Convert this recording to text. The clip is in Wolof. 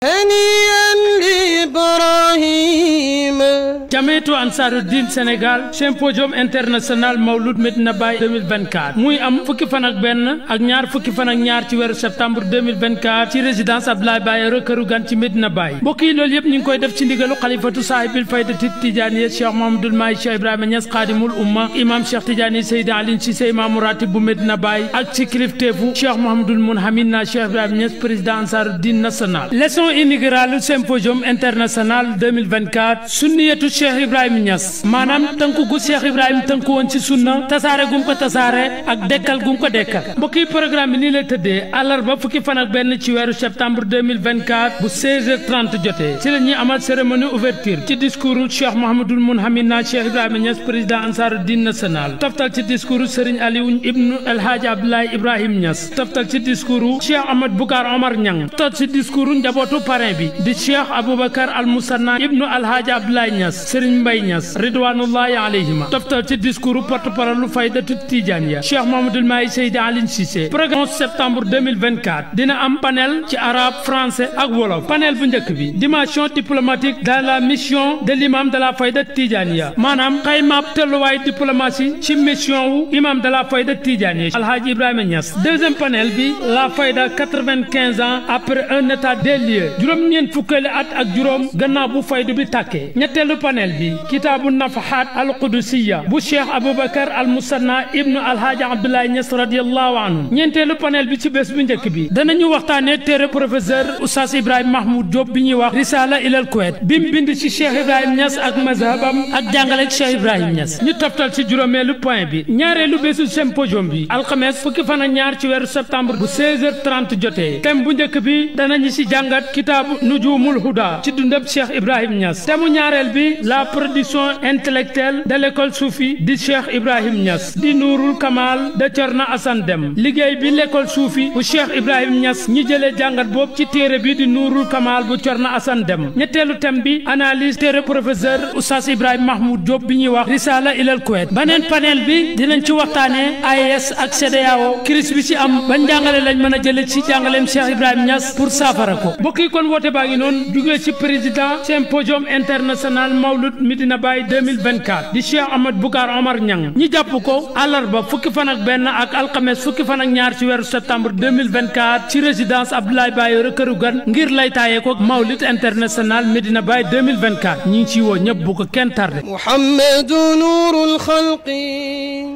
Any Jamiyatu Ansaaruddin Sénégal symposium international Mawlud Medina Baye 2024 muy am fukki fan ak benn ak ñaar fukki fan ak ñaar ci weeru septembre ci résidence Abdoulaye Bayero këru gan ci Medina Baye mbokk yi koy def ci ndigalu xalifatu saahibil faydati tijaaniya Cheikh Mouhamadoul Mahi Cheikh Ibrahima Niass xaadimul umma imam Cheikh Tidiane Seydi Aline Cissé imaamu ratib bu Medina ak ci kilifteefu Cheikh Mouhamadoul Mounhamine na Cheikh Ibrahima Niass président Cheikh ibrahim Niass manam tanku gu Cheikh ibrahim tanku won ci sunna tasare gum ko tasare ak dekkal gum ko dekkal mbokki programme ni nii lay tëddee àllarba fukki fan ak ben ci wéru septembre 2024 bu 16h30 jotee ci la ñuy amal cérémonie ouverture ci discours Cheikh Mouhamadoul Mounhamina Cheikh ibrahim Niass président Ansaruddin national taftal ci discours Serigne Alioune ibn El Hadj Abdoulaye Ibrahima Niass toftal ci discours Cheikh Ahmed boukar Omar Niang taftal ci discours njabootu parrain bi di Cheikh aboubakar Al Moussanna ibn El Hadj Abdoulaye Niass Serigne Mbaye Niass ridwanullahi alayhima toftal ci discours porte parole lu faydatu Tidianiya Cheikh Mouhamadoul Mahi Seydi Aline Cissé programme 11 septembre 2024 dina am panel ci arabe français ak wolof panel bu njëkk bi dimension diplomatique dans la mission de l'imam de la fayda Tidianiya maanaam xaymaab tëlluwaay diplomatie ci mission wu imam de la fayda Tidianiya Alhaji ibrahim Niass deuxième panel bi la fayda 95 ans après un état des lieux juróom-ñeent fukkeeli at ak juróom gannaaw bu faydu bi tàkkee ñettelu panel ñetteel bi kitaabu nafahaat alqudusiya bu cheikh aboubacar al musanna ibnu alhaaji abdoulaye ñas radiallahu anhu ñeenteelu panel bi ci bés bu njëkk bi danañu waxtaane téere professeur oustaz ibrahima mahmoud diop bi ñuy wax risala ilal kuwet bi mu bind ci cheikh ibrahima ñas ak mazhabam ak jàngale cheikh ibrahima ñas ñu toftal ci juróomeelu point bi ñaareelu bésu symposium bi alxames fukki fan ñaar ci weeru septembre bu 16h30 jotee thème bu njëkk bi danañu jàngat kitaabu nujumul huda ci dundab cheikh ibrahima ñas thème ñaareel la production intellectuelle de l'école Soufi di Cheikh Ibrahim Niass di Nourul Kamal de Thierno Assane Deme liggéey bi l'école Soufi bu Cheikh Ibrahim ñas ñi jëlee jàngat boobu ci téere bi di Nourul Kamal bu Thierno Assane Deme ñetteelu thème bi analyse téere professeur Oustaz Ibrahim Mahmoud Diop bi ñuy wax Risala ilal Kuwait beneen panel bi dinañ ci waxtaanee AES ak CEDEAO crise bi ci am ba jàngale lañ mën a jëlee ci jàngaleem Cheikh Ibrahim Niass pour saafara ko mbokk yi kon woote baa ngi mawlud Medina Baye 2024 di Cheikh Ahmad Boucar Omar Niang ñi jàpp ko àllarba fukki fan benn ak alxames fukki fan ñaar ci weeru septembre ci résidence Abdoulaye Bayero këru ngir lay ko mawlid international Medina Baye 2024 woo ñëpp ko kenn tardé. Muhammadu nurul xalqi